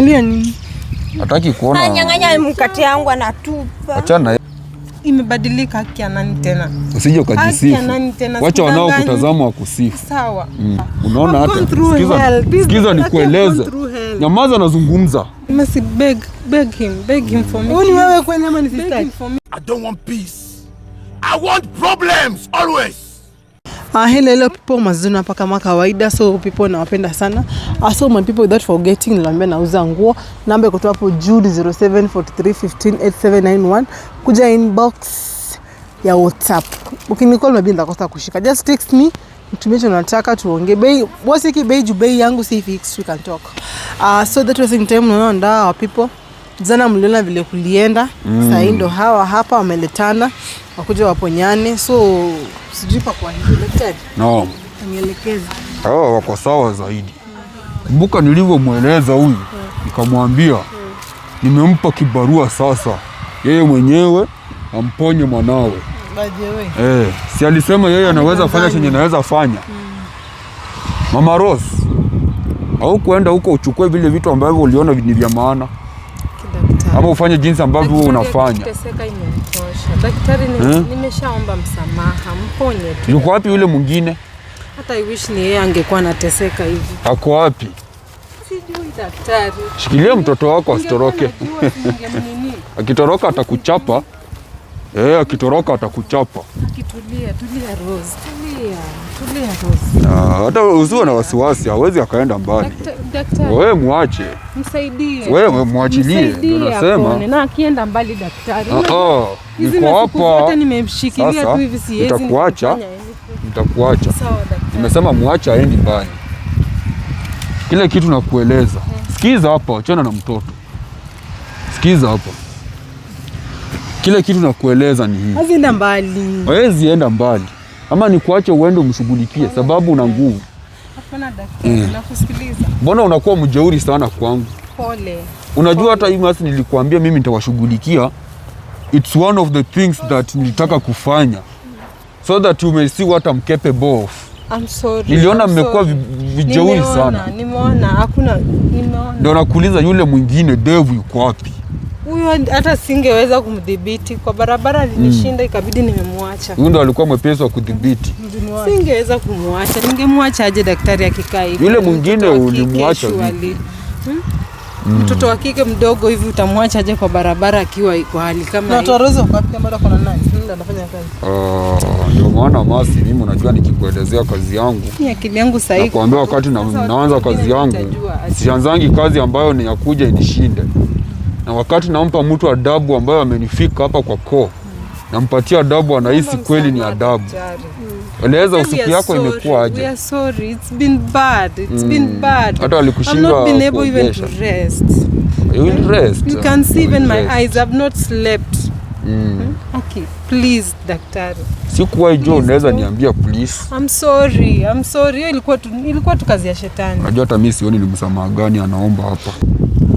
Nilia nini? Hataki kuona. Anyang'anya ah, mkate yangu anatupa. Achana. Imebadilika haki ya nani tena? Usije ukajisifu. nani tena? Wacha wanao kutazama wakusifu. Sawa. Mm. Unaona hata sikiza, sikiza nikueleze. Nyamaza nazungumza. Masi beg, beg him, beg him for me. Wewe kwani ama ni sister? I don't want peace. I want problems always. Uh, ah, hello, hello people mazuna paka kama kawaida, so people nawapenda sana uh, so my people without forgetting, niliambia nauza nguo, namba iko hapo Jude 0743158791 kuja inbox ya WhatsApp ukinicall, maybe nitakosa kushika, just text me mtumie cho nataka tuongee bei, ki bei juu bei yangu si fix, we can talk uh, so that was in time no ndaa our people Jana mliona vile kulienda mm. Sasa ndo hawa hapa wameletana wakuja waponyane, so no. Oh, wako sawa zaidi. Kumbuka nilivyomweleza huyu nikamwambia nimempa kibarua sasa yeye mwenyewe amponye mwanawe eh, si alisema yeye anaweza fanya chenye naweza fanya. Mama Rose, au kuenda huko uchukue vile vitu ambavyo uliona ni vya maana, ama ufanye jinsi ambavyo unafanya. Daktari, hmm? nimeshaomba msamaha, mponye tu. Yuko wapi yule mwingine? Hata I wish ni yeye angekuwa anateseka hivi. Ako wapi? Sijui daktari. Shikilia mtoto wako asitoroke. Akitoroka atakuchapa. Eh, akitoroka atakuchapa. Akitulia, tulia Rose. Tulia, tulia Rose. Ah, hata usiwe na wasiwasi, hawezi akaenda mbali. Daktari. Wewe muache. Msaidie. Wewe muachilie. Ndio nasema. Na akienda mbali daktari. Ah ah. Niko hapa. Hata nimemshikilia tu hivi siwezi. Nitakuacha. Nitakuacha. Sawa daktari. Nimesema muache aende mbali. Kile kitu nakueleza. Eh. Sikiza hapa, achana na mtoto. Sikiza hapa kile kitu nakueleza ni hivi. Hazienda mbali. Hawezi enda mbali. Ama nikuache uende umshughulikie sababu una nguvu. Hapana daktari, mm. Eh. Nakusikiliza. Mbona unakuwa mjeuri sana kwangu? Pole. Unajua hata hivi basi nilikuambia mimi nitawashughulikia. It's one of the things that nilitaka kufanya. So that you may see what I'm capable of. I'm sorry. Niliona mmekuwa vijeuri sana. Nimeona, Nimeona, hakuna nimeona. Ndio nakuuliza yule mwingine Devu yuko wapi? huyu hata singeweza kumdhibiti kwa barabara, alinishinda mm. Ikabidi nimemwacha. Huyu ndo alikuwa mwepesi wa kudhibiti, singeweza kumwacha. Ningemwacha aje daktari akikaa hivi? Yule mwingine ulimwacha Mm. Mtoto wa kike mdogo hivi utamwacha aje kwa barabara akiwa iko hali kama kwa nani? Oh, ndio maana masi, mimi unajua, nikikuelezea kazi yangu Ni akili yangu sahihi, nakwambia wakati naanza kazi yangu sianzangi kazi ambayo ni ya kuja inishinde na wakati nampa mtu adabu ambayo amenifika hapa kwa koo, nampatia adabu, anahisi kweli ni adabu. Eleza usiku yako imekuwa aje? Hmm. Hata alikushinda hmm. hmm? sikuwai unaweza niambia please? I'm sorry, I'm sorry. Hiyo ilikuwa tu, ilikuwa tu kazi ya shetani. hata mimi sioni ni msamaha gani anaomba hapa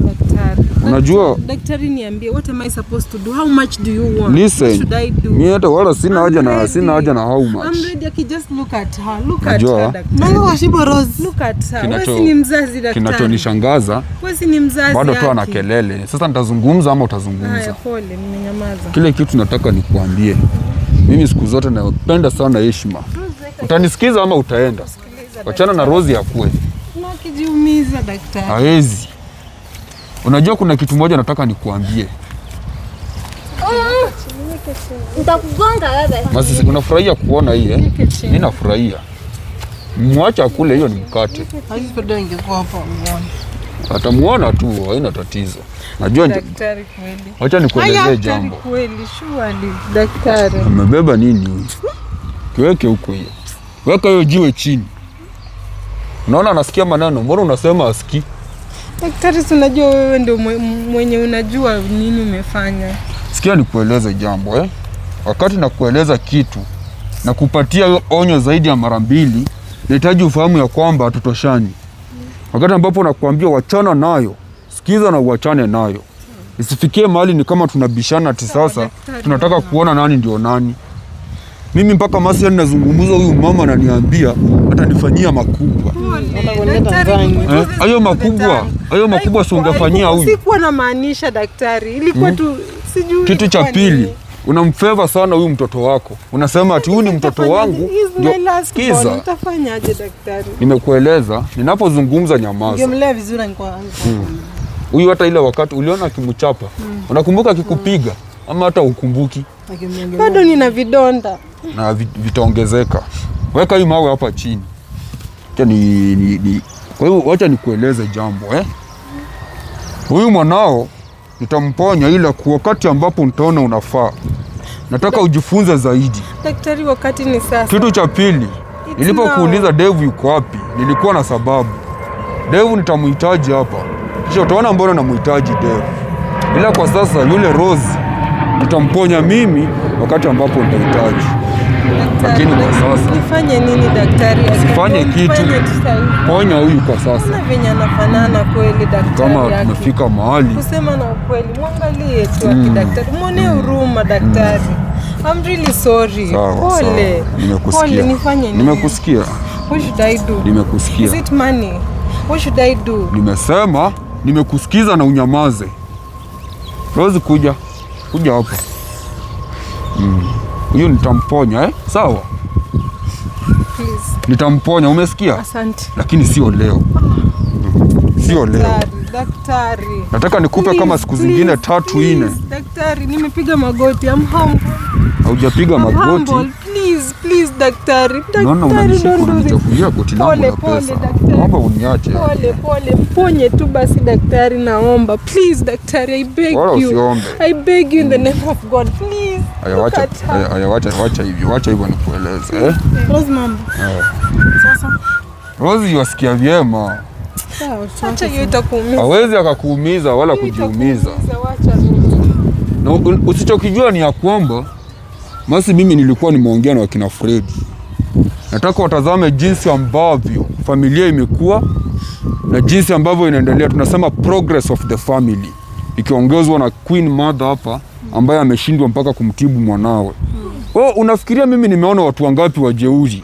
daktari. Unajua daktari, niambie what am I supposed to do? How much do you want? Listen, what should I do? Mimi hata wala sina haja na sina haja na how much. I'm ready. I just look at her. Look at her. daktari. washibo Rose. Look at her. Wewe si ni mzazi daktari. Kinachonishangaza. Wewe si ni mzazi. Bado tu ana kelele. Sasa nitazungumza ama utazungumza? Haya, pole, mmenyamaza. Kile kitu nataka nikuambie. Mimi siku zote napenda sana heshima. Utanisikiza ama utaenda? Wachana na Rozi yakue. Unakijiumiza daktari. Hawezi. Unajua kuna kitu moja nataka nikuambie. Nitakugonga wewe. Basi unafurahia kuona hii eh? Mimi nafurahia. Mwacha kule hiyo ni mkate. Atamuona tu, haina tatizo. Najua daktari kweli. Acha nikuelezee jambo. Kweli daktari. Amebeba nini huyu? Kiweke huko hiyo. Weka hiyo jiwe chini. Unaona anasikia maneno, mbona unasema asikii? Daktari, unajua wewe ndio mwenye unajua nini umefanya. Sikia nikueleze jambo eh? Wakati nakueleza kitu na kupatia onyo zaidi ya mara mbili, nahitaji ufahamu ya kwamba hatutoshani. Wakati ambapo nakuambia wachana nayo, sikiza na uachane nayo, isifikie mahali ni kama tunabishana ati sasa tunataka kuona nani ndio nani. Mimi mpaka masaa ninazungumza, huyu mama ananiambia atanifanyia makubwa. Eh? Hayo makubwa, hayo makubwa si ungefanyia huyu? Sikuwa na daktari, ilikuwa hmm? tu sijui. Kitu cha pili unamfeva sana huyu mtoto wako, unasema ati huyu ni mtoto wangu. Sikiza, nimekueleza, ninapozungumza nyamaza. Hmm. Huyu hata ile wakati uliona akimchapa, hmm. unakumbuka akikupiga ama hata ukumbuki? Bado nina vidonda na vitaongezeka. Weka hii mawe hapa chini. ni, ni, ni. Kwa hiyo acha nikueleze jambo eh? Huyu mwanao nitamponya, ila kwa wakati ambapo nitaona unafaa. Nataka ujifunze zaidi. Daktari, wakati ni sasa. Kitu cha pili, nilipokuuliza Devu yuko wapi, nilikuwa na sababu. Devu nitamhitaji hapa, kisha utaona mbona namhitaji Devu, ila kwa sasa yule Rose nitamponya mimi wakati ambapo nitahitaji lakini kwa sasa nifanye nini daktari? Usifanye kitu, ponya huyu kwa sasa. venye anafanana kweli daktari, kama tumefika mahali kusema na ukweli, mwangalie tu mm. daktari, mwone mm. huruma mm. daktari mm. I'm really sorry. Pole, nimekusikia, nifanye nini? Nimekusikia, what should I do? Nimekusikia, is it money? What should I do? Nimesema nimekusikiza na unyamaze. Rozi, kuja kuja hapa mm huyu nitamponya eh? Sawa, nitamponya umesikia? Asante. Lakini sio leo, sio leo. Daktari, nataka nikupe kama siku zingine tatu nne. Daktari, nimepiga magoti. I'm humble. Haujapiga magoti. please. Please daktari, uniache. Pole pole, mponye tu basi daktari, naomba please daktari, I beg you. I beg you in the mm. name of God, please. Wacha hivyo, wacha hivyo nikueleze. Eh? Rose mama. Sasa. Rose yasikia vyema. Hawezi akakuumiza wala kujiumiza, na usichokijua ni ya kwamba basi mimi nilikuwa nimeongea na wakina Fredi, nataka watazame jinsi ambavyo familia imekuwa na jinsi ambavyo inaendelea. Tunasema progress of the family, ikiongezwa na Queen Mother hapa ambaye ameshindwa mpaka kumtibu mwanawe. Oh, unafikiria mimi nimeona watu wangapi wajeuri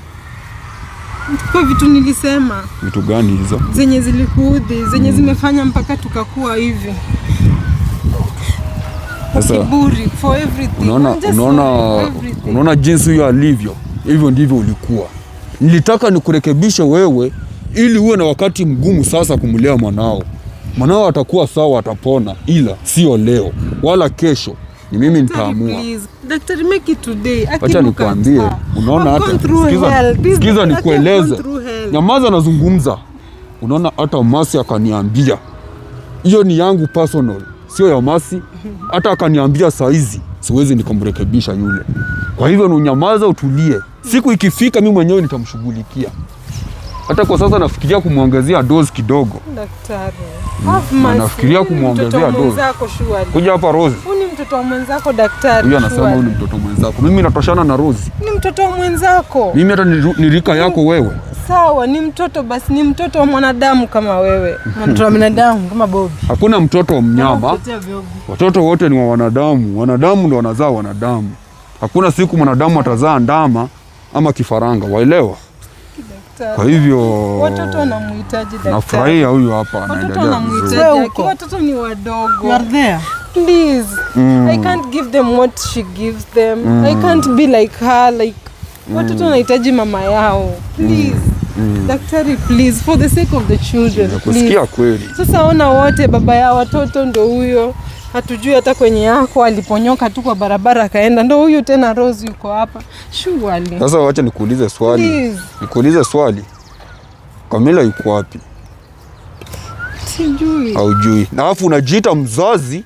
kwa vitu nilisema. Vitu gani hizo? Zenye zilikuudhi, zenye hmm. zimefanya mpaka tukakuwa hivi. Sasa unaona jinsi huyo alivyo, hivyo ndivyo ulikuwa. Nilitaka nikurekebishe wewe ili uwe na wakati mgumu sasa kumlea mwanao. Mwanao atakuwa sawa, atapona, ila sio leo wala kesho ni mimi nitaamua. Daktari, make it today. Acha nikwambie, unaona hata sikiza, sikiza nikueleze, nyamaza, nazungumza. Unaona hata Masi akaniambia hiyo ni yangu personal, sio ya Masi. Hata akaniambia saizi siwezi nikamrekebisha yule. Kwa hivyo ni unyamaza utulie. Siku ikifika, mimi mwenyewe nitamshughulikia. Hata kwa sasa nafikiria kumwongezea dozi kidogo, daktari. Hmm, nafikiria kumwongezea dozi. Kuja hapa Rose mtoto wa mwenzako daktari. Huyu anasema huyu ni mtoto mwenzako. Mimi natoshana na Rose. Ni mtoto wa mwenzako. Mimi hata ni rika yako wewe. Sawa, ni mtoto basi, ni mtoto wa mwanadamu kama wewe. Mtoto wa mwanadamu kama Bobby. Hakuna mtoto wa mnyama. Watoto wote ni wa wanadamu. Wanadamu ndio wanazaa wanadamu. Hakuna siku mwanadamu atazaa ndama ama kifaranga, waelewa? Kwa hivyo watoto wanamhitaji daktari. Nafurahia huyu hapa anaendelea. Watoto wanamhitaji, watoto ni wadogo please mm. I can't give them what she gives them mm. I can't be like her like mm. watoto wanahitaji mama yao please mm. Mm. Daktari please for the sake of the children kusikia kweli. Sasa ona wote baba ya watoto ndo huyo, hatujui hata kwenye yako aliponyoka tu kwa barabara akaenda, ndo huyu tena Rose yuko hapa shughuli. Sasa wacha nikuulize swali please. Nikuulize swali, Kamila yuko wapi? Sijui. Haujui na alafu unajiita mzazi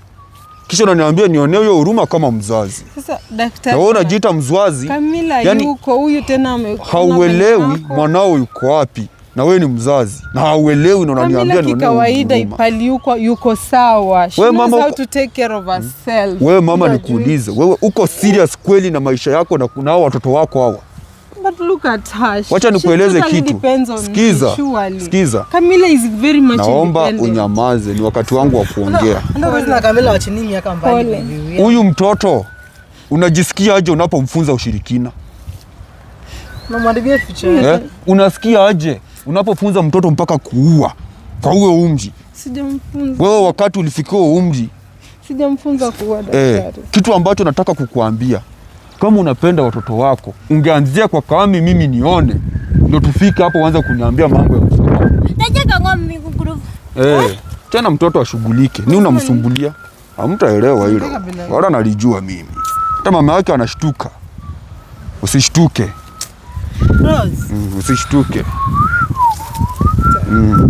kisha unaniambia nionee hiyo huruma kama mzazi. Sasa daktari, wewe unajiita mzazi, Kamila yani, yuko huyu tena amekuwa, hauelewi mwanao yuko wapi na wewe ni mzazi na hauelewi, na unaniambia ni kawaida ipali yuko, yuko sawa. Wewe mama, how to take care of ourselves. Wewe mama, nikuulize wewe, uko serious kweli na maisha yako na kunao watoto wako hawa? But look at her. Wacha nikueleze kitu. Skiza. Skiza. is very much naomba unyamaze, ni wakati wangu wa kuongea. Huyu mtoto unajisikia aje unapomfunza ushirikina? Eh, unasikia aje unapofunza mtoto mpaka kuua kwa huo umri? Wewe wakati ulifikia umri, sijamfunza kuua eh, daktari. Eh, kitu ambacho nataka kukuambia kama unapenda watoto wako ungeanzia kwa Kawami, mimi nione ndo tufike hapo, uanze kuniambia mambo ya eh, tena mtoto ashughulike, ni unamsumbulia. amtaelewa hilo wala nalijua mimi, hata mama yake anashtuka. Usishtuke Mm, usishtuke mm.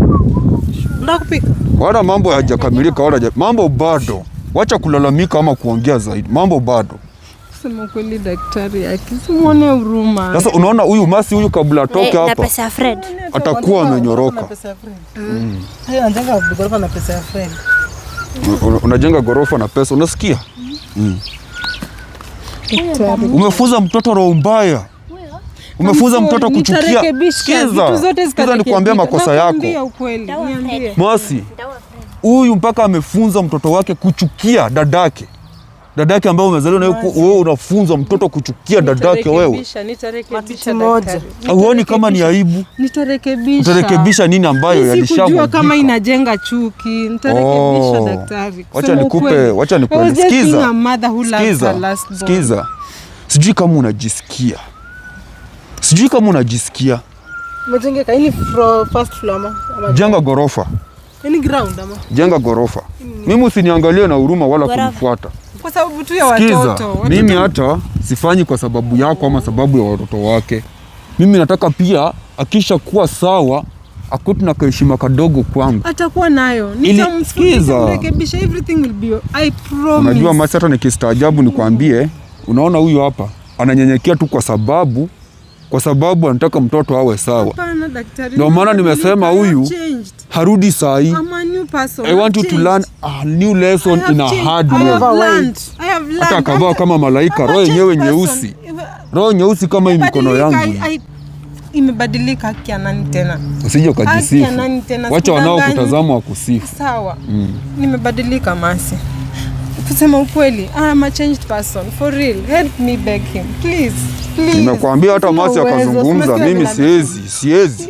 Wala mambo hayajakamilika, wala mambo bado. Wacha kulalamika ama kuongea zaidi, mambo bado kusema kweli, daktari akisimwone huruma. Sasa unaona huyu masi huyu, kabla atoke hapa atakuwa amenyoroka. Unajenga gorofa na pesa, unasikia? mm. Umefuza mtoto roho mbaya, umefuza mtoto kuchukia. Sikiza nikuambia makosa yako masi huyu mpaka amefunza mtoto wake kuchukia dadake dada yake ambaye umezaliwa na wewe unafunza mtoto kuchukia yake wewe. uoni kama ni aibu? Nitarekebisha. nini ambayo yalishamwagika? Kama inajenga chuki, nitarekebisha oh. daktari. Wacha nikupe, Sikiza. Sikiza. Sikiza. Sijui kama unajisikia. Sijui kama unajisikia. Jenga ghorofa jenga ghorofa. Mimi usiniangalie na huruma wala kunifuata kwa sababu tu ya watoto. Sikiza, mimi hata sifanyi kwa sababu yako ama sababu ya watoto wake. Mimi nataka pia akisha kuwa sawa akuti na kaheshima kadogo kwangu atakuwa nayo. Nitamsikiza, everything will be I promise. Unajua masi, hata nikistaajabu nikwambie, unaona huyu hapa ananyenyekea tu kwa sababu kwa sababu anataka mtoto awe sawa. Ndio maana nimesema huyu harudi saa I want you to learn a new lesson in a hard way. Hata akavaa kama malaika, roho yenyewe nyeusi, roho nyeusi kama hii mikono yangu imebadilika. Haki ya nani tena? Usije ukajisifu, wacha wanaokutazama wakusifu. Sawa, mm. nimebadilika masi kusema ukweli, I am a changed person for real, help me beg him please, please. Nimekwambia hata Masi akazungumza, mimi siwezi, siwezi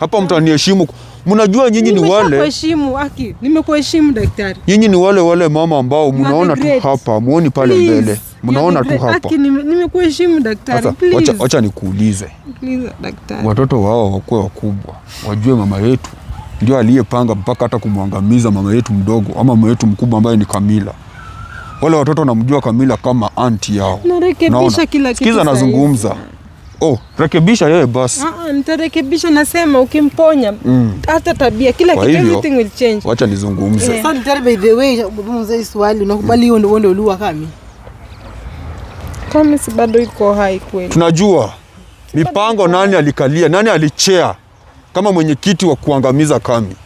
hapa, mtaniheshimu. Mnajua nyinyi ni wale, aki, nimekuheshimu daktari, nyinyi ni wale wale mama ambao mnaona tu hapa, muoni pale mbele, mnaona tu hapa. Aki, Nimekuheshimu daktari, please. Wacha nikuulize Please, daktari, watoto wao wakuwe wakubwa, wajue mama yetu ndio aliyepanga mpaka hata kumwangamiza mama yetu mdogo ama mama yetu mkubwa ambaye ni Kamila wale watoto wanamjua Kamila kama anti yao. Narekebisha kila kitu. Sikiza nazungumza. Oh, rekebisha yeye basi. Ah, ah nitarekebisha nasema ukimponya mm. hata tabia kila kitu everything will change. Wacha nizungumze. Yeah. Sasa nitari by the way mzee swali unakubali hiyo ndio ndio uliwa kami. Kami si bado iko hai kweli. Tunajua mipango nani alikalia, nani alichea kama mwenyekiti wa kuangamiza kami.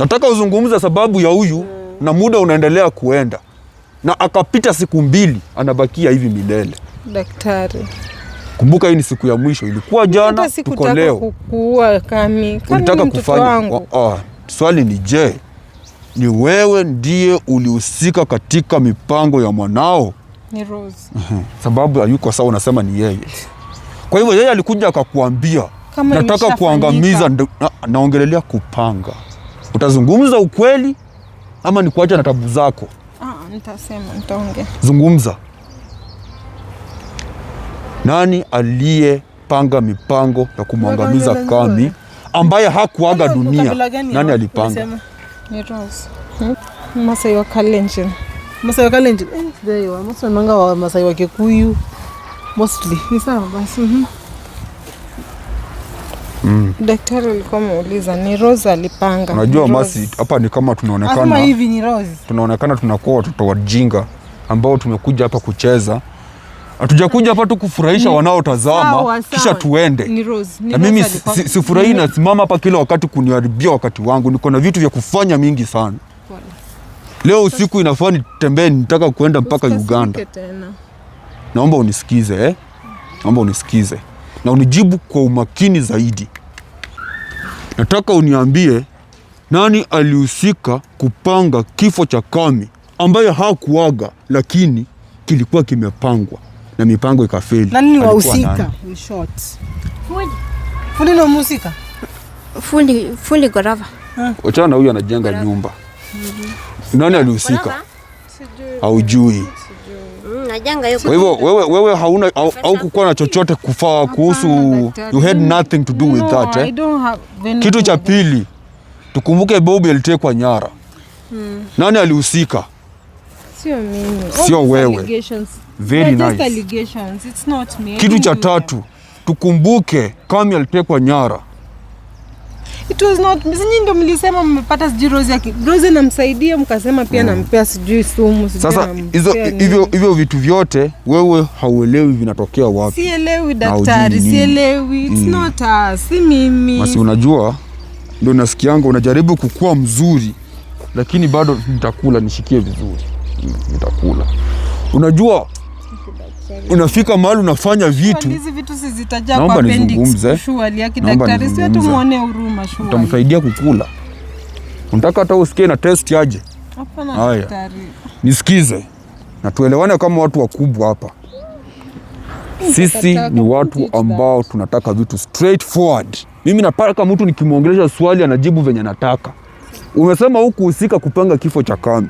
Nataka uzungumze sababu ya huyu na muda unaendelea kuenda, na akapita siku mbili, anabakia hivi milele. Daktari, kumbuka hii ni siku ya mwisho, ilikuwa jana, tuko leo. Ulitaka kufanya oh, oh. Swali ni je, ni wewe ndiye ulihusika katika mipango ya mwanao? Ni Rose. Sababu hayuko sawa, unasema ni yeye. Kwa hivyo yeye alikuja akakuambia nataka kuangamiza, naongelelea kupanga. Utazungumza ukweli ama nikuacha na tabu zako? Ah, ah, nitasema, nitaongea. Zungumza. Nani aliyepanga mipango ya kumwangamiza Kami ambaye hakuaga dunia? Nani alipanga? Ni Rose. Hmm? Masai wa Kalenjin. Masai wa Kalenjin. Eh, Masai wa Kikuyu. Mostly. Ni sawa basi. Hmm. Mm. Daktari alikuwa ameuliza ni Rose alipanga. Unajua basi hapa ni kama tunaonekana. Kama hivi ni Rose. Tunaonekana tunakuwa watoto wajinga ambao tumekuja hapa kucheza. Hatujakuja hapa tu kufurahisha wanaotazama kisha tuende. Ni Rose. Ni na mimi sifurahii si, si nasimama hapa kila wakati kuniharibia wakati wangu. Niko na vitu vya kufanya mingi sana. Wala. Leo usiku inafaa nitembee, nitaka kuenda mpaka Uganda. Naomba unisikize eh? Naomba unisikize na unijibu kwa umakini zaidi. Nataka uniambie nani alihusika kupanga kifo cha Kami ambaye hakuaga, lakini kilikuwa kimepangwa na mipango ikafeli. Nani wahusika? In short, fundi, fundi ndio mhusika, fundi, fundi gorava. Wachana, huyu anajenga nyumba. Mhm. Nani alihusika? Haujui kuna janga hiyo. Kwa hivyo wewe, wewe hauna au kukuwa na chochote kufaa kuhusu, you had nothing to do with that eh? Kitu cha pili tukumbuke, Bobi alitekwa nyara. Hmm. Nani alihusika? Sio mimi. Sio wewe. Very nice. allegations. It's not me. Kitu cha tatu tukumbuke, Kami alitekwa nyara It was not msinyi, ndo mlisema mmepata sijui Rose yake Rose namsaidia, mkasema pia mm. nampea sijui sumu. Sasa hizo hivyo hivyo vitu vyote wewe hauelewi vinatokea wapi? Sielewi daktari, sielewi. It's mm. not us, si mimi. Basi unajua ndo nasikianga unajaribu kukua mzuri, lakini bado nitakula nishikie vizuri, nitakula unajua unafika mahali unafanya vitu. Naomba nizungumze, utamsaidia kukula. Unataka hata usikie na test aje? Haya, nisikize na tuelewane kama watu wakubwa hapa. Sisi ni watu ambao tunataka vitu straightforward. Mimi nataka mtu nikimwongelesha swali anajibu venye nataka. Umesema hukuhusika kupanga kifo cha Kami,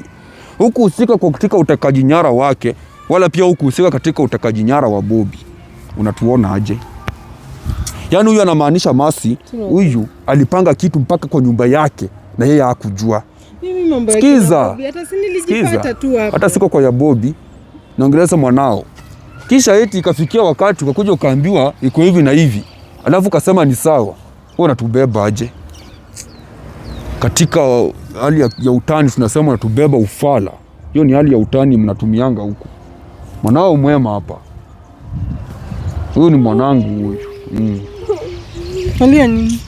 hukuhusika katika utekaji nyara wake wala pia hukuhusika katika utekaji nyara wa Bobi. Unatuona aje? Yaani huyu anamaanisha Masi, huyu alipanga kitu mpaka kwa nyumba yake na yeye hakujua. Sikiza, hata siko kwa ya Bobi, naongeleza mwanao. Kisha eti ikafikia wakati ukakuja ukaambiwa iko hivi na hivi, alafu kasema ni sawa. Wewe unatubeba aje? Katika hali ya utani tunasema unatubeba ufala. Hiyo ni hali ya utani mnatumianga huku Mwanao mwema hapa. Huyu ni mwanangu huyu. Mm. Alia nini?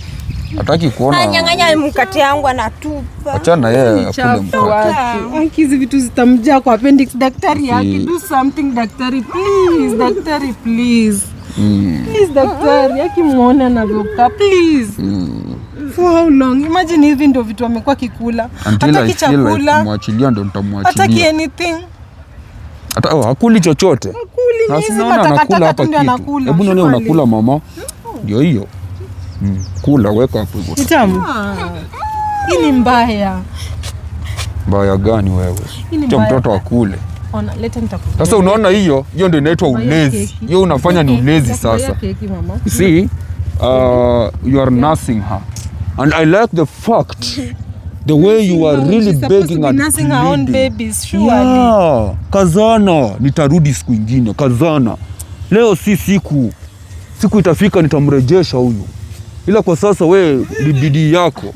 Hataki kuona. Ananyang'anya mkate yangu anatupa. Acha na yeye akule mkate. Ah, hizi vitu zitamjia kwa appendix daktari yake. Do something daktari please. Daktari please. Mm. Please daktari yake muone anavyoka please. Mm. For how long? Imagine hivi ndio vitu amekuwa kikula. Hataki chakula. mwachilia ndo nitamwachilia. Hataki anything hata oh, hakuli chochote. Unakula hapa kitu, hebu nione unakula mama. Mm. Ndio hiyo mm, Kula weka hapo hivyo. Tamu mm. hii ni mbaya. Mbaya gani wewe? Cha mtoto akule. Sasa unaona, hiyo hiyo ndio inaitwa ulezi. Hiyo unafanya ni ulezi. Sasa see, uh, you are nursing her and I like the fact the way you are really begging and pleading. Our own babies surely. Yeah, kazana nitarudi siku ingine kazana. Leo si siku, siku itafika nitamrejesha huyu, ila kwa sasa we ni bidii yako.